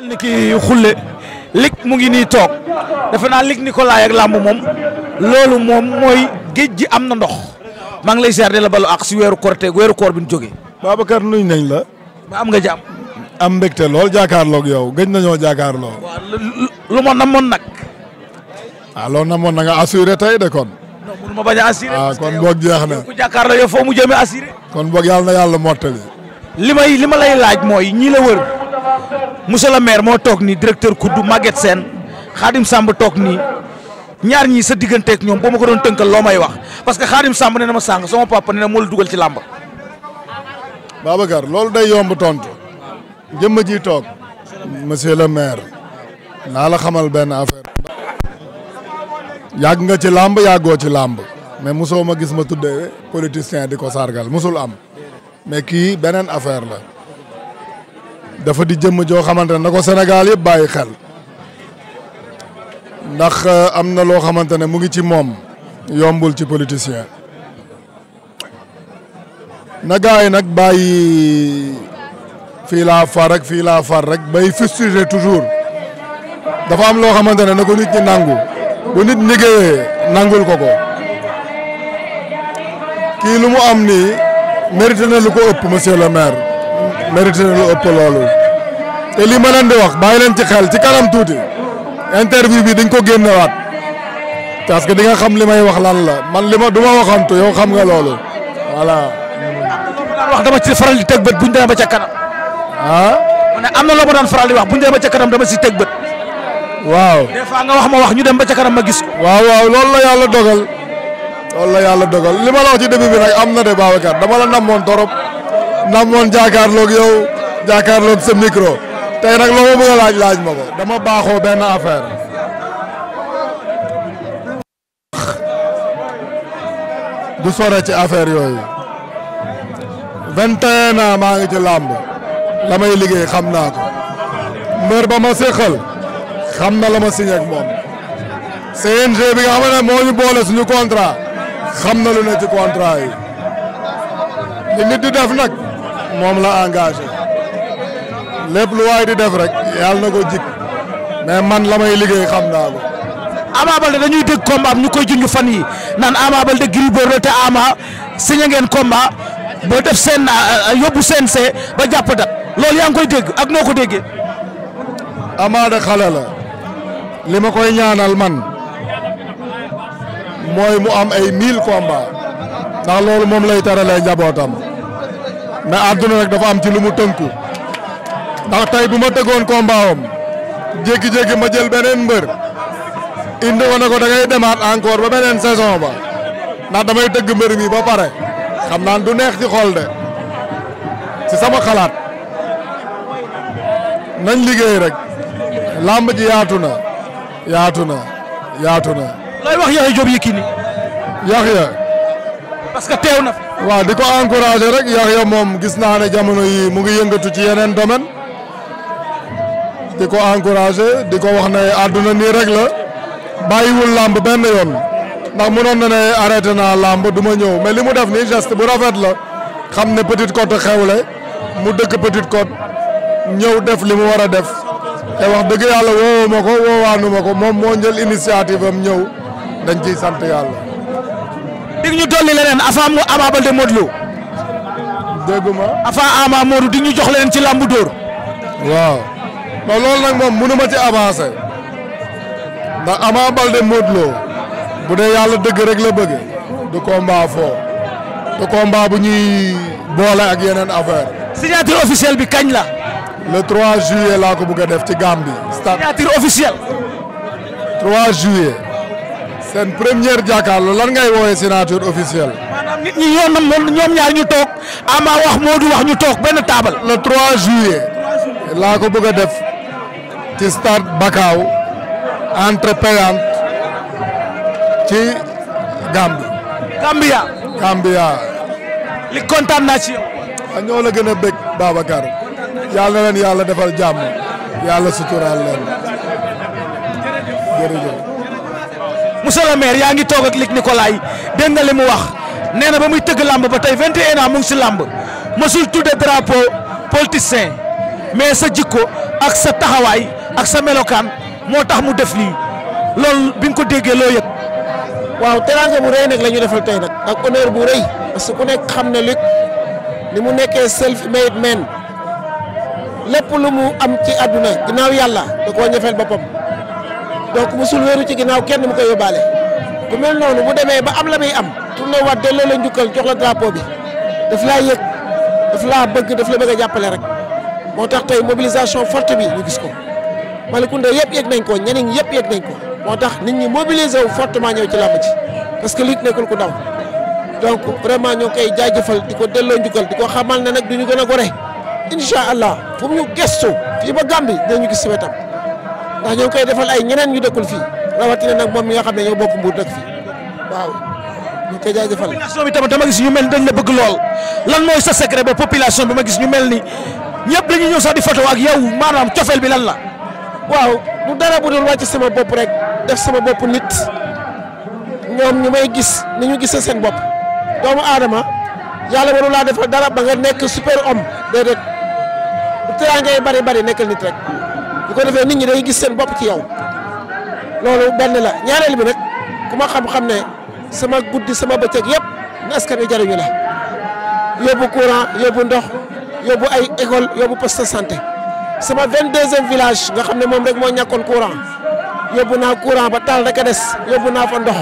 mel ni ki xulle lig mu ngi ni toog defe naa lig Nicolas ak làmb moom loolu moom mooy géej gi am na ndox maa ngi lay seer la balu ak si weeru koor te weeru koor bi ñu jógee. Babacar nuyu nañ la. ba am nga jàmm. am mbégte lool jàkkaarloog yow gëj nañoo jàkkaarloo. waaw lu ma namoon nag. ah loolu namoon na nga assuré tey de kon. ma bañ a assuré. ah kon boog jeex na mu jëmee assuré. kon boog yàlla na yàlla mottali. li may li ma lay laaj mooy ñi wër. monsieur le maire moo toog nii directeur Koudou Maguette Sène Khadim Samb toog nii ñaar ñii sa digganteeg ñoom boo ma ko doon tënkal loo may wax parce que Khadim Samb nee na ma sàng sama papa nee na moo la ci làmb. Babacar loolu day yomb tontu jëmm ji toog monsieur le maire naa la xamal benn affaire. yàgg nga ci làmb yàggoo ci làmb mais mosoo ma gis ma tuddee politicien di ko sargal mosul am mais kii beneen affaire la. dafa di jëmm joo xamante ne na ko Sénégal yëpp bàyyi xel ndax euh, am na loo xamante ne mu ngi ci moom yombul ci politicien na gars yi nag bàyyi fii laa far rek fii laa far rek bay frustré toujours dafa am loo xamante ne na ko nit ñi nangu bu nit nangul ko ko kii lu mu am nii mérité lu ko ëpp monsieur le maire mérité na lu ëpp loolu te li ma leen di wax bàyyi leen ci xel ci kanam tuuti interview bi dañ ko génnewaat parce que di xam li may wax lan la man li ma du ma waxantu yow xam nga loolu voilà. wax dama ci faral di teg bët bu ñu demee ba ca kanam. ah. am na loo ma daan faral di wax bu ñu demee ba ca kanam dama ci teg bët. waaw des ma ñu dem ba ca kanam ma gis ko. waaw waaw loolu la yàlla dogal. loolu la yàlla dogal li ma la wax ci début bi nag am na de Babacar dama la namoon torop namoon jàkkaarloog yow jàkkaarloog sa micro tey nag loo ma bëgg laaj laaj ma ko dama baaxoo benn affaire. du sore ci affaire yooyu. vingt et un maa ngi ci làmb la may liggéey xam naa ko. mbër ba ma séqal xam na la ma signé ak moom. CNG bi nga xam ne moo ñu boole suñu contrat xam na lu ne ci contrat yi. li nit di def nag. moom la engagé lépp lu waay di def rek yàlla na ko jik mais man la may liggéey xam naa ko. bal Baldé dañuy dégg combat ñu koy junj fan yi naan Ama Baldé Gris Bordeaux te Ama signé ngeen combat ba def seen euh, yóbbu CNG ba jàpp dat loolu yaa ngi koy dégg ak noo ko déggee. Ama de xale la li ma koy ñaanal man mooy mu am ay mille combats ndax loolu moom lay teralee njabootam. mais àdduna nag dafa am ci lu mu tënku ndax tey bu ma tëggoon combat am jékki-jékki ma jël beneen mbër indi ko ne ko demaat encore ba beneen saison ba ndax damay tëgg mbër mi ba pare xam naan du neex ci xol de ci sama xalaat nañ liggéey rek làmb ji yaatu na yaatu na yaatu na. looy wax waaw di ko encouragé rek ya moom gis naa ne jamono yii mu ngi yëngatu ci yeneen domaine di ko encouragé di ko wax na ne àdduna nii rek la bàyyiwul làmb benn yoon ndax munoon na ne arrêté naa làmb du ma ñëw mais li mu def nii geste bu rafet la xam ne Petite Côte xewle mu dëkk Petite Côte ñëw def li mu war a def te wax dëgg yàlla woowu ma ko woowaanu ma ko moom moo jël initiative am ñëw dañ ciy sant yàlla dolli leneen Afa Ama Baldé Modou Lo. dégguma Afa Ama Modou di ñu jox leen ci làmbu dóor. waaw non loolu nag moom mënu ma ci avancer ndax Ama Baldé bu dee yàlla dëgg la bëgg du combat foo du combat bu ñuy boole ak yeneen affaire signature officielle bi kañ la. le trois juillet laa ko bëgg def ci Gambie. stade signature officielle. 3 juillet. seen première jàkkaarloo lan ngay wooyee signature officielle. maanaam nit ñoom ñaar ñu toog Ama wax Modou wax ñu toog benn taabal. le trois juillet. laa ko bëgg a def ci stade Bakaaw entre payante ci Gambie. Gambia. Gambia. li kontaan naa ci yow. Ah, ñoo la gën a bëgg Babacar. yàlla na leen yàlla defal jàmm yàlla suturaal leen monsieur le maire yaa ngi toog ak Luc Nicolaï dégg nga li mu wax nee na ba muy tëgg làmb ba tey 21 ans mu ngi si làmb mësul tudde drapeau politicien mais sa jikko ak sa taxawaay ak sa melokaan moo tax mu def lii loolu bi nga ko déggee loo yëg. waaw teraanga bu rëy nag la ñu defal tey nag ak honneur bu rëy parce que ku nekk xam na Luc ni mu nekkee self made man lépp lu mu am ci àdduna ginnaaw yàlla da koo ñëfeel boppam. donc musul wéeru ci ginnaaw kenn mu koy yóbbaale bu mel noonu bu demee ba am la muy am tourné waat delloo la njukkal jox la drapeau bi daf laa yëg daf laa bëgg daf la bëgg a jàppale rek moo tax tey mobilisation forte bi ñu gis ko Malicounda yëpp yëg nañ ko ñeneen yëpp yëg nañ ko moo tax nit ñi mobiliser wu fortement ñëw ci làmb ci parce que lutte nekkul ku ndaw donc vraiment ñoo koy jaajëfal di ko delloo njukkal di ko xamal ne nag du ñu gën a gore incha allah fu mu ñu gestu fii ba Gambie dinañu gis si wetam ndax ñoo koy defal ay ñeneen ñu dëkkul fii rawatina nag moom mi nga xam ne ñoo bokk Mbour dëkk fii waaw ñu koy jaajëfal. population bi tamit dama gis ñu mel dañ la bëgg lool lan mooy sa secret ba population bi ma gis ñu mel ni ñëpp dañuy ñëw sax di photo ak yow maanaam cofeel bi lan la. waaw bu dara bu dul wàcc sama bopp rek def sama bopp nit ñoom ñu may gis ni ñu gisee seen bopp doomu aadama yàlla warul laa defal dara ba nga nekk super homme du bu teraanga yi bari bari nekkal nit rek. lu ko defee nit ñi day gis seen bopp ci yow loolu benn la ñaareel bi nag ku ma xam-xam ne sama guddi sama bëccëg yëpp na askan wi jariñu la yóbbu courant yóbbu ndox yóbbu ay école yóbbu poste santé sama 22e village nga xam ne moom rek moo ñàkkoon courant yóbbu naa courant ba taal rek a des yóbbu naa fa ndox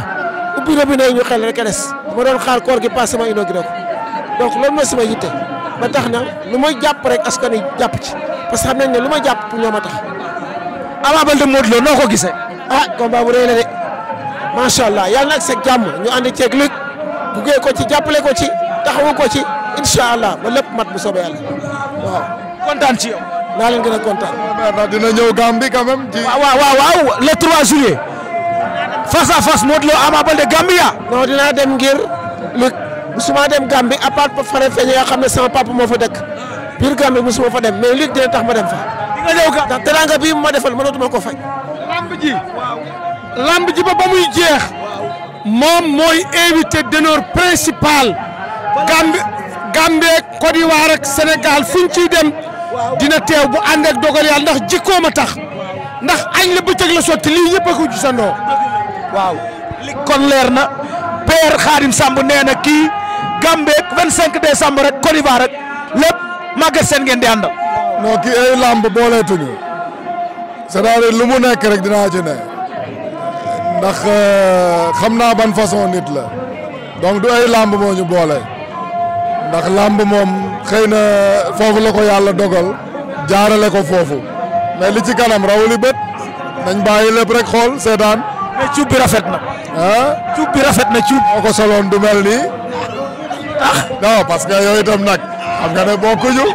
ubbi robinet ñu xel rek a des ma doon xaar koor gi passé ma inauguré ko donc loolu mooy sama yitte ba tax na lu may jàpp rek askan jàpp ci. parce que xam nañ ne lu ma jàpp ñoom a tax. Ama Baldé Modou Lô noo ko gisee. ah combat bu rëy de macha allah yàlla na ak jàmm ñu andi ceeg Luc buggee ko ci jàppale ko ci taxawu ko ci incha allah ba lépp mat bu soobee yàlla waaw. kontaan ci yow. naa leen gën a kontaan. waaw dina ñëw Gambie quand même. waaw waaw waaw le 3 juillet. face à face Modou Lô Ama Baldé Gambia. non dinaa dem ngir Luc musuma dem Gambie à part feeñ yoo xam ne sama papa moo biir Gambie mosuma fa dem mais lii dina tax ma dem fa. di nga ñëw ka bii ma defal mënatuma ko fay. lamb ji lamb ji ba ba muy jeex. moom mooy invité d'honneur principal. Gambie Gambie Côte d'Ivoire Sénégal fu ñu dem. dina teew bu ànd ak ndax jikkoo ma tax. ndax añ la bëccëg la sotti lii yëpp a ko gisandoo. waaw li kon leer na. père Khadim Samb nee na kii Gambie 25 décembre rek Côte d'Ivoire rek lépp. Maguette Sène ngeen di àndal. moo kii ay làmb booleetuñu c'est-à-dire lu mu nekk rek dinaa ci ne ndax euh, xam naa ban façon nit la donc du ay làmb moo ñu ndax làmb moom xëy na foofu la ko yàlla dogal jaarale ko foofu mais li ci kanam rawuli bët nañ bàyyi lépp rek xool seetaan. mais cuub bi rafet na. ah cuub bi rafet na cuub. moo ko soloon du mel nii. ah non parce itam nag. xam nga ne bokkuñu